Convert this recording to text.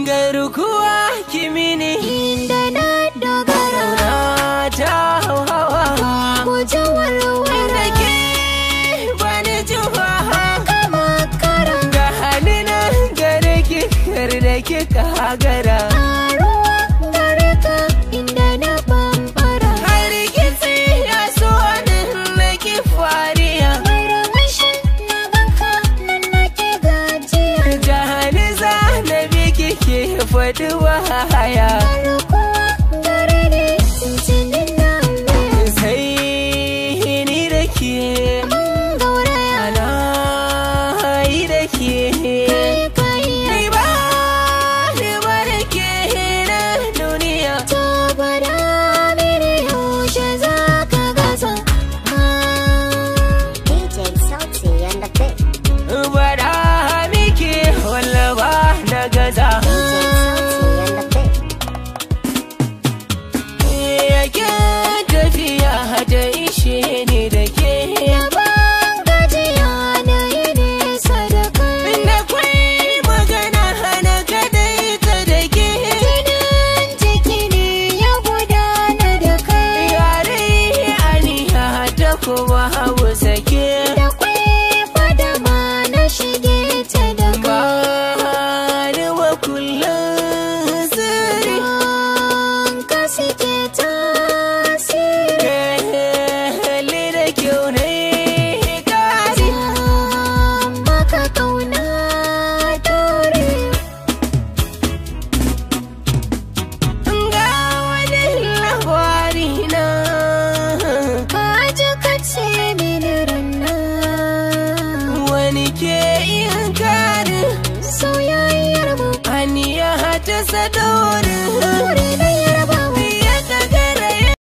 garkuwa kimini inda na dogara ta hawa guje warware ke bani juwa kama kara. ga halina gare ki kar da ki kagara do higher. away. adore you.